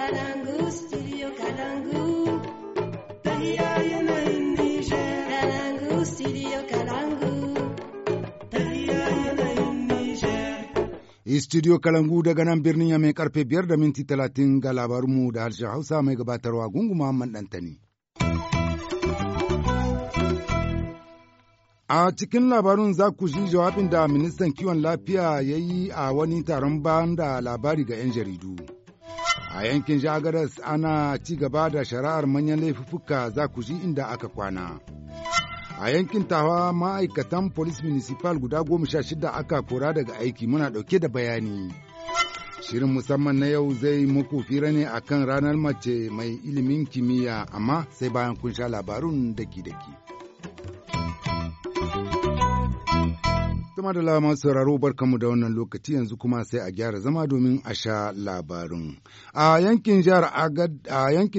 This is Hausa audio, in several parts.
Kalangu, studio Kalangu. Kalangu, studio Kalangu. Kalangu daga nan birnin ya mai karfe biyar da minti talatin ga labarunmu da harshen Hausa mai gabatarwa gungu Muhammad Dantani. A cikin labarun za ku ji jawabin da ministan kiwon lafiya ya yi a wani taron bayan da labari ga 'yan jaridu. A yankin Jagaras ana ci gaba da shari'ar manyan laifuffuka za ku ji inda aka kwana. A yankin tawa ma'aikatan polis Municipal guda goma sha shida aka kora daga aiki muna ɗauke da bayani. Shirin musamman na yau zai muku fira ne kan ranar mace mai ilimin kimiyya amma sai bayan kun sha labarun daki-daki. Tuma da masu sauraro barkanmu da wannan lokaci yanzu kuma sai a gyara zama domin a sha labarin. A yankin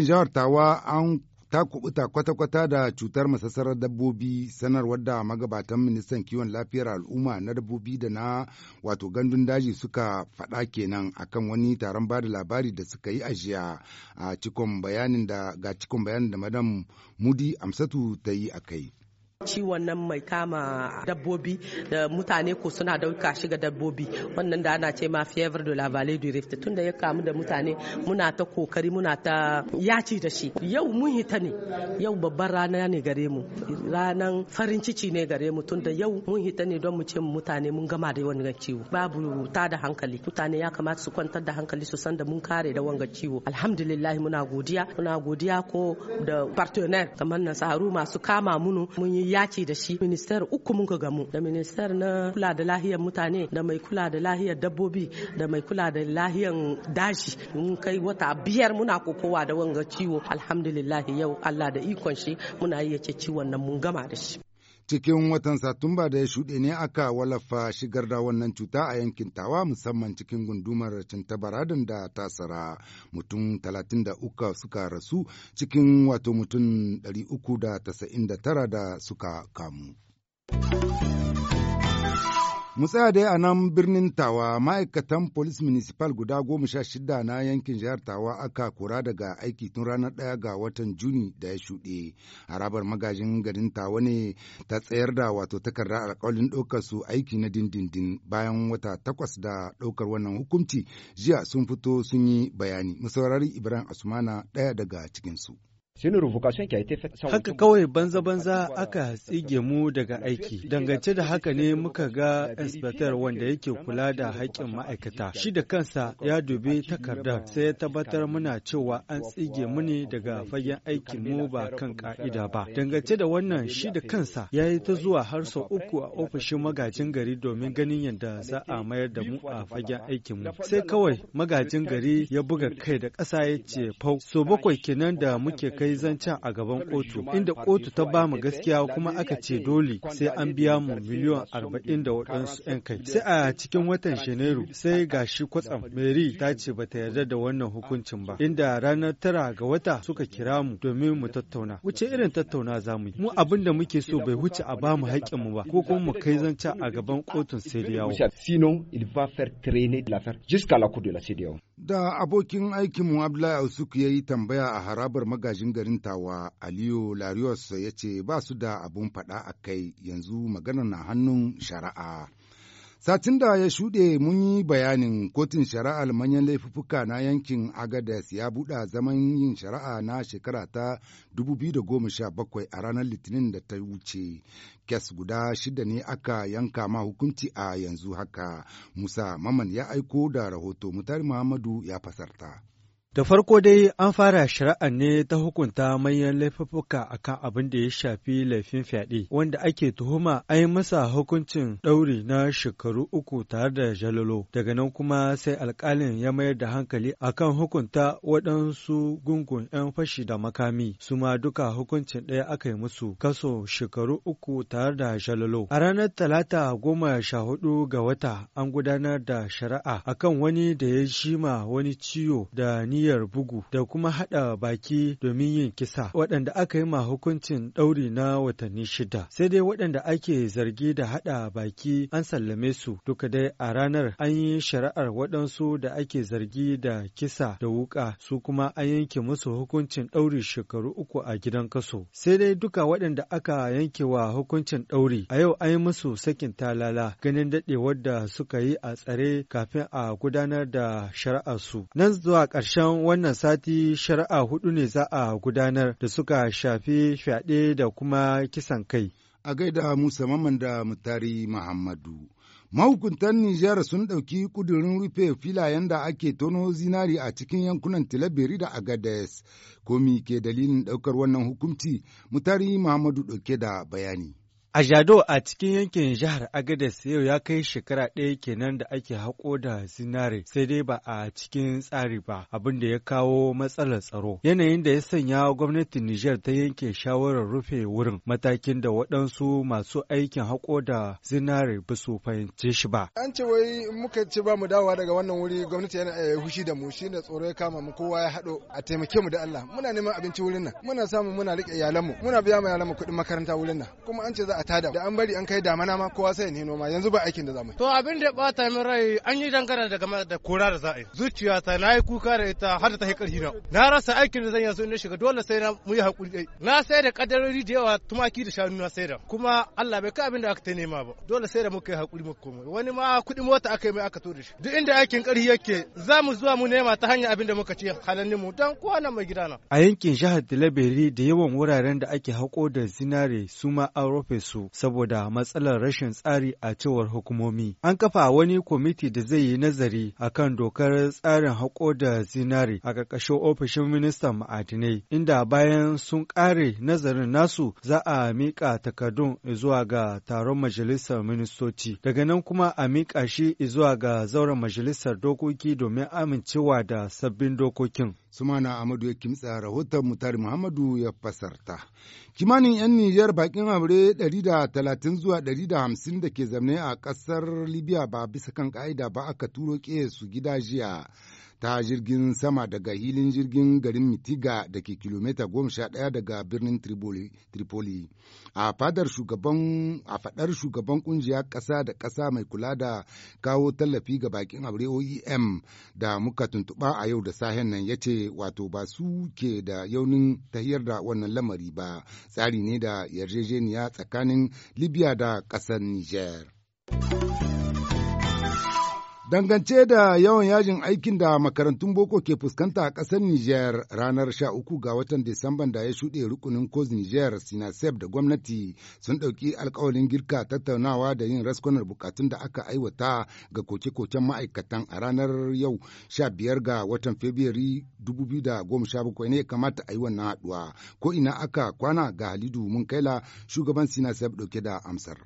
jihar Tawa an ta kubuta kwata-kwata da cutar masassarar dabbobi sanarwar da magabatan ministan kiwon lafiyar al'umma na dabbobi da na wato gandun daji suka faɗa kenan akan wani taron bada labari da suka yi ajiya a cikon ga cikon bayanin da madam mudi amsatu ta yi a kai. ciwon nan mai kama dabbobi da mutane ko suna dauka shi dabbobi wannan da ana ce ma fever de la vallée du rift tunda ya kamu da mutane muna ta kokari muna ta yaci da shi yau mun hita ne yau babban rana ne gare mu ranan farin ciki ne gare mu tunda yau mun hita ne don mu ce mutane mun gama da wannan ciwo babu ta da hankali mutane ya kamata su kwantar da hankali su san da mun kare da wanga ciwo alhamdulillah muna godiya muna godiya ko da partenaire kamar nasaru masu kama mu mun yi ya ce da shi minister uku muka gamu da minister na kula da lahiyar mutane da mai kula da lahiyar dabbobi da mai kula da lahiyar daji mun kai wata biyar muna kokowa da wanga ciwo alhamdulillah yau Allah da ikon shi muna iya ce ciwon nan mun gama da shi cikin watan satumba da ya shuɗe ne aka wallafa shigar da wannan cuta a yankin tawa musamman cikin gundumar cintabaradin da tasara mutum 33 suka rasu cikin wato mutum 399 da suka kamu. Musa dai a nan birnin Tawa ma'aikatan polis Municipal guda goma sha shida na yankin jihar Tawa aka kura daga aiki tun ranar ɗaya ga watan Juni da ya shuɗe. Harabar magajin garin Tawa ne ta tsayar da wato takarda alƙawarin ɗaukar su aiki na dindindin bayan wata takwas da ɗaukar wannan hukunci jiya sun fito sun yi bayani. musaurari Ibrahim Asumana ɗaya daga cikinsu. Haka kawai banza-banza aka tsige mu daga aiki. Dangance da haka ne muka ga inspector wanda yake kula da haƙƙin ma'aikata. Shi da kansa ya dubi takardar sai ya tabbatar muna cewa an tsige mu ne daga fagen aikin mu ba kan ka'ida ba. Dangance da wannan shi da kansa ya yi ta zuwa har sau uku a ofishin magajin gari domin ganin yadda za a mayar da mu a fagen aikin mu. Sai kawai magajin gari ya buga kai da ƙasa ya ce fau. So bakwai kenan da muke kai zan zancen a gaban kotu inda kotu ta ba mu gaskiya kuma aka ce dole sai an biya mu miliyon arba'in da waɗansu 'yan kai sai a cikin watan janairu sai gashi kwatsam mary ta ce bata yarda da wannan hukuncin ba inda ranar tara ga wata suka kira mu domin mu tattauna wuce irin tattauna za mu yi mu abin da muke so bai wuce a ba mu haƙƙin mu ba ko kuma mu kai zancen a gaban kotun sediyawo da abokin aikinmu abdullahi ausuku ya yi tambaya a harabar magajin magajin garin tawa Aliyu Larios ya ce ba su da abun faɗa a kai yanzu magana na hannun shari'a. Satin da ya shuɗe mun yi bayanin kotun shari'ar manyan Laifuka na yankin Agadez ya buɗe zaman yin shari'a na shekara ta 2017 a ranar Litinin da ta wuce. Kes guda shida ne aka yanka ma hukunci a yanzu haka. Musa Maman ya aiko da rahoto Mutari Muhammadu ya fasarta. Da farko dai an fara shari'ar ne ta hukunta manyan laifuffuka akan abin da ya shafi laifin fyaɗe wanda ake tuhuma a yi masa hukuncin ɗauri na shekaru uku tare da jalolo. Daga nan kuma sai alƙalin ya mayar da hankali akan hukunta waɗansu gungun 'yan fashi da makami su ma duka hukuncin ɗaya aka yi musu kaso shekaru uku tare da jalolo. A ranar talata goma sha hudu ga wata an gudanar da shari'a akan wani da ya shima wani ciwo da ni niyyar bugu da kuma haɗa baki domin yin kisa waɗanda aka yi ma hukuncin ɗauri na watanni shida. Sai dai waɗanda ake zargi da haɗa baki an sallame su duka dai a ranar an yi shari'ar waɗansu da ake zargi da kisa da wuƙa su kuma an yanke musu hukuncin ɗauri shekaru uku a gidan kaso. Sai dai duka waɗanda aka yanke wa hukuncin ɗauri a yau an yi musu sakin talala ganin daɗewar da suka yi a tsare kafin a gudanar da shari'ar su. Nan zuwa ƙarshen Kenan wannan sati shari'a hudu ne za a gudanar da suka shafi fyaɗe da kuma kisan kai. A gaida Musa Mamman da Mutari Muhammadu. Mahukuntan Nijar sun ɗauki ƙudurin rufe filayen da ake tono zinari a cikin yankunan Tilaberi da Agades. Komi ke dalilin ɗaukar wannan hukunci, Mutari Muhammadu ɗauke da bayani. A Jado a cikin yankin jihar Agadez yau ya kai shekara ɗaya kenan da ake haƙo da zinare sai dai ba a cikin tsari ba abin da ya kawo matsalar tsaro. Yanayin da ya sanya gwamnatin Nijar ta yanke shawarar rufe wurin matakin da waɗansu masu aikin haƙo da zinare ba su fahimce shi ba. An ce wai muka ce ba mu dawowa daga wannan wuri gwamnati yana hushi eh, da mu shi da tsoro ya kama mu kowa ya haɗo a taimake mu da Allah muna neman abinci wurin nan muna samu muna riƙe iyalanmu muna biya ma iyalanmu kuɗin makaranta wurin nan kuma an ce za a tada da an bari an kai damana ma kowa sai ne noma yanzu ba aikin da zamu to abin da bata min rai an yi dangana da game da kora da za a zuciya ta na yi kuka da ita har ta yi karfi na na rasa aikin da zan yanzu in shiga dole sai na mu yi hakuri dai na sai da kadarori da yawa tumaki da shanu na sai da kuma Allah bai kai abin da aka ta nema ba dole sai da muka yi hakuri muka komai wani ma kudi mota aka yi mai aka to da shi duk inda aikin karfi yake za mu zuwa mu nema ta hanyar abin da muka ci halannin mu dan kowa nan mai gidana a yankin jihar Delaberi da yawan wuraren da ake hako da zinare su ma an su saboda matsalar rashin tsari a cewar hukumomi. An kafa wani kwamiti da zai yi nazari a kan dokar tsarin haƙo da zinari a ƙarƙashin ofishin ministan ma'adinai, inda bayan sun ƙare nazarin nasu za a miƙa takardun zuwa ga taron majalisar ministoci. Daga nan kuma a mika shi zuwa ga zauren majalisar dokoki domin amincewa da sabbin dokokin. Sumana Amadu ya kimtsa rahoton Mutari Muhammadu ya fasarta. Kimanin 'yan Nijar bakin aure 130 zuwa 150 da ke zamne a kasar Libya ba bisa kan ka'ida ba aka turo su gida jiya. ta jirgin sama daga hilin jirgin garin Mitiga da ke kilomita goma ɗaya daga birnin Tripoli. A fadar shugaban a fadar shugaban kungiya ƙasa da ƙasa mai kula da kawo tallafi ga bakin aure OEM da muka tuntuɓa a yau da sahen nan ya ce wato ba su ke da yaunin tahiyar da wannan lamari ba tsari ne da yarjejeniya tsakanin Libya da ƙasar Niger. Dangance da yawan yajin aikin da makarantun boko ke fuskanta a ƙasar Nijar ranar 13 ga watan Disamban da ya shuɗe rukunin COS Nijar, Sinasef da gwamnati sun ɗauki alkawalin girka tattaunawa da yin raskunar bukatun da aka aiwata ga koke-koken ma'aikatan a ranar yau 15 ga watan Fabrairu 2017 ne kamata a yi wannan haɗuwa. Ko ina aka kwana ga Halidu Munkaila shugaban Sinasef ɗauke da amsar.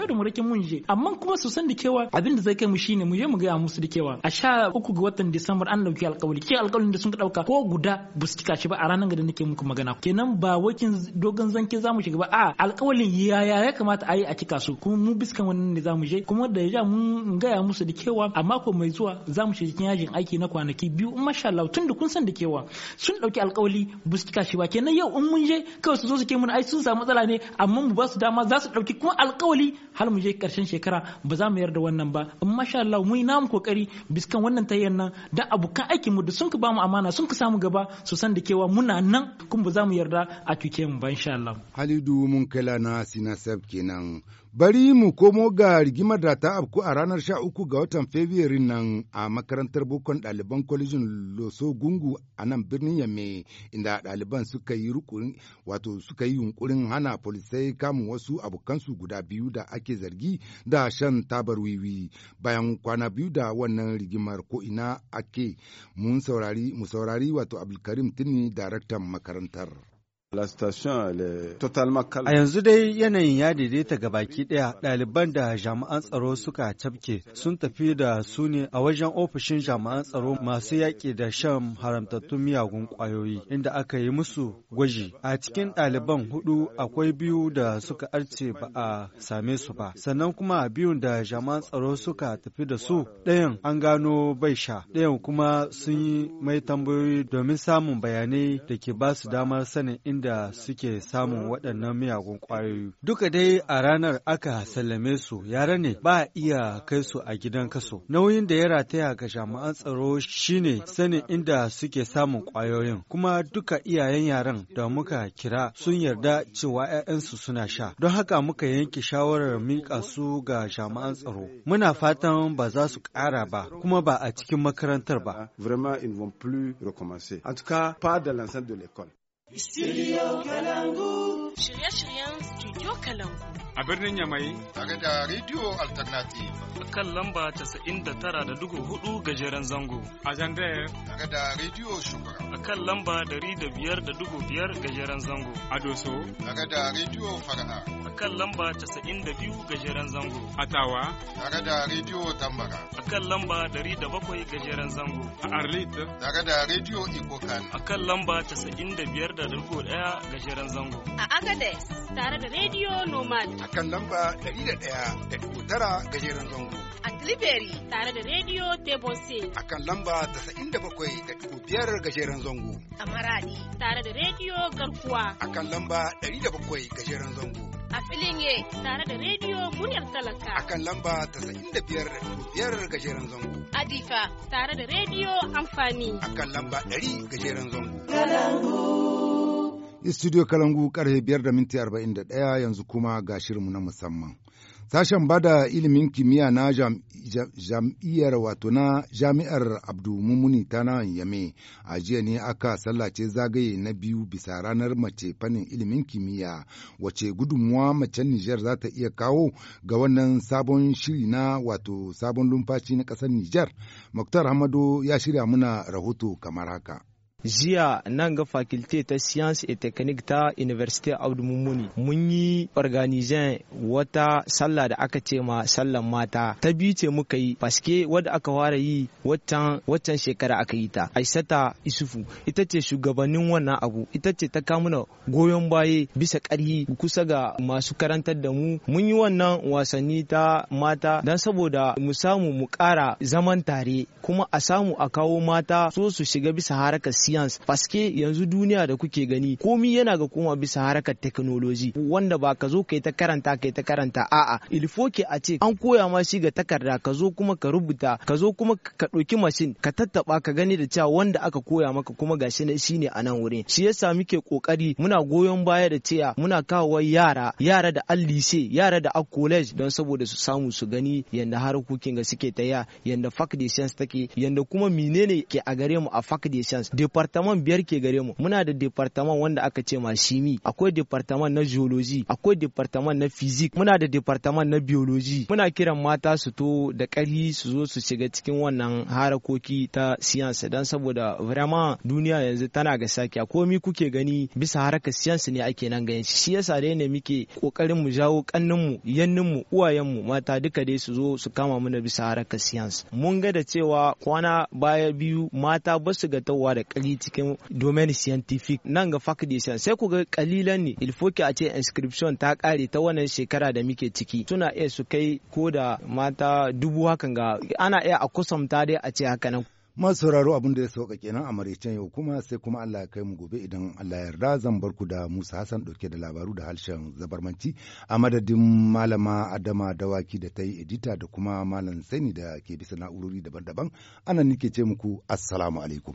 kada mu rake mun je amma kuma su san da kewa abin da zai kai mu shine mu je mu gaya musu da kewa a sha uku ga watan Disamba an dauki alkawali ke alkawalin da sun dauka ko guda ba su cika shi ba a ranar da nake muku magana kenan ba wakin dogon zanke zamu shiga ba a alkawalin yaya ya kamata a yi a cika su kuma mu biskan wannan ne zamu je kuma da ya mun gaya musu da kewa a mako mai zuwa zamu shiga cikin yajin aiki na kwanaki biyu masha Allah tun da kun san da kewa sun dauki alkawali ba su cika shi ba kenan yau in mun je kawai su zo su ke mun ai sun samu matsala ne amma mu ba su dama za su dauki kuma alkawali har mu je karshen shekara ba za mu yarda wannan ba in masha Allah mu yi namu kokari biskan wannan tayyan nan da abokan aikin mu da sun ka ba mu amana sun ka samu gaba su san da kewa muna nan kuma ba za mu yarda a cuce mu ba insha Allah Halidu mun kala na Sinasab kenan Bari mu komo ga rigimar da ta afku a ranar sha uku ga watan fabrairun nan a makarantar bukon ɗaliban kwalejin Loso Gungu a nan birnin Yamme inda ɗaliban suka yi wato suka yi yunkurin hana polisai kamun wasu abokansu guda biyu da ake zargi da shan tabar wiwi bayan kwana biyu da wannan rigimar ko ina ake mun saurari mu saurari wato Abdulkarim Tini daraktan makarantar. A yanzu dai yanayin ya daidaita ga baki ɗaya ɗaliban da jami'an tsaro suka cafke sun tafi da su ne a wajen ofishin jami'an tsaro masu yaƙi da shan haramtattun miyagun ƙwayoyi inda aka yi musu gwaji. A cikin ɗaliban hudu akwai biyu da suka arce ba a same su ba. Sannan kuma biyun da jami'an tsaro suka tafi da su ɗayan an gano bai sha ɗayan kuma sun yi mai tambayoyi domin samun bayanai da ke ba su damar sanin inda suke samun waɗannan miyagun ƙwayoyi. Duka dai a ranar aka sallame su yara ne ba a iya kai su a gidan kaso. Nauyin da ya rataya ga jami'an tsaro shine sanin inda suke samun ƙwayoyin kuma duka iyayen yaran da muka kira sun yarda cewa 'ya'yansu suna sha. Don haka muka yanke shawarar miƙa su ga jama'an tsaro. Muna fatan ba za su ƙara ba kuma ba a cikin makarantar ba. Vraiment, ils ne vont plus recommencer. En tout cas, pas de l'ensemble de l'école. Studio Kalangu. shirye-shiryen studio kalangu a birnin yamai tare da radio alternative a kan lamba 99.4 gajeren zango a zandaya tare da radio shugaba a kan lamba 105.5 gajeren zango a doso tare da radio fara'a kan lamba 92 gajeren zango. a tawa. Tare da Radio Tambara. A kan lamba 107 gajeren zango. A Arlit. Tare da Radio Ikokan. A kan lamba 95.1 gajeren zango. A Agades tare da Radio Nomad. A kan lamba 101.9 gajeren zango. A Tilibiri tare da Radio Tebose. A kan lamba 97.5 gajeren zango. A Maradi tare da Radio Garkuwa. A kan lamba 107 gajeren zango. A filin ye tare da Radio Muryar Talaka. A kan lamba 95.5 gajeren zango. A Difa tare da Radio Amfani. A kan lamba 100 gajeren zango. Kalangu. Studio Kalangu karfe biyar da minti arba'in da ɗaya yanzu kuma ga shirinmu na musamman. Sashen bada ilimin kimiyya na jam'iyyar wato na jami'ar Abdu Mumuni ta nan Yame a jiya ne aka sallace zagaye na biyu bisa ranar mace fannin ilimin kimiyya wace gudunmuwa macen Nijar za ta iya kawo ga wannan sabon shiri na wato sabon lumfashi na ƙasar Nijar. Muktar Hamado ya shirya muna rahoto kamar haka. jiya nan ga fakilte ta science et technique ta university Abdul Mummuni mun yi organizan wata sallah da aka ce ma sallan mata ta biyu ce muka yi paske wadda aka fara yi waccan shekara aka yi ta Aisata Isufu ita ce shugabannin wannan abu ita ce ta kamuna goyon baye bisa karhi kusa ga masu karantar da mu mun yi wannan wasanni ta mata dan saboda mu samu mu ƙara zaman tare kuma a samu a kawo mata so su shiga bisa harakar science paske yanzu duniya da kuke gani komi yana ga koma bisa harakar technology wanda ba ka zo kai ta karanta kai ta karanta a'a ke a ce an koya ma shi ga takarda ka zo kuma ka rubuta ka zo kuma ka ɗauki machine ka tattaba ka gani da cewa wanda aka koya maka kuma gashi ne shine a nan wurin shi yasa muke kokari muna goyon baya da cewa muna kawo yara yara da an lise yara da a college don saboda su samu su gani yanda harkokin ga suke taya yanda fac de science take yanda kuma menene ke a gare mu a fac de science departaman biyar ke gare mu muna da departaman wanda aka ce ma shimi akwai departaman na geology akwai departaman na physics muna da departaman na biology muna kiran mata su to da ƙarfi su zo su shiga cikin wannan harakoki ta siyansa dan saboda vraiment duniya yanzu tana ga sake komi kuke gani bisa harakar siyansa ne ake nan ganin shi yasa dai ne muke kokarin mu jawo kannin mu yannin mu uwayen mu mata duka dai su zo su kama mana bisa harakar siyansa mun ga da cewa kwana baya biyu mata ba su ga tawa da ƙarfi yi cikin domain scientific nan ga faculty sai ku ga kalilan ne ilfoki a ce inscription ta kare ta wannan shekara da muke ciki suna iya su kai ko da mata dubu hakan ga ana iya a kusamta dai a ce haka nan masu sauraro abin da ya sauka kenan a maraicen yau kuma sai kuma Allah ya kai mu gobe idan Allah ya yarda zan bar ku da Musa Hassan dauke da labaru da harshen zabarmanci a madadin malama Adama Dawaki da ta yi edita da kuma malam Sani da ke bisa na'urori daban-daban anan nike ce muku assalamu alaikum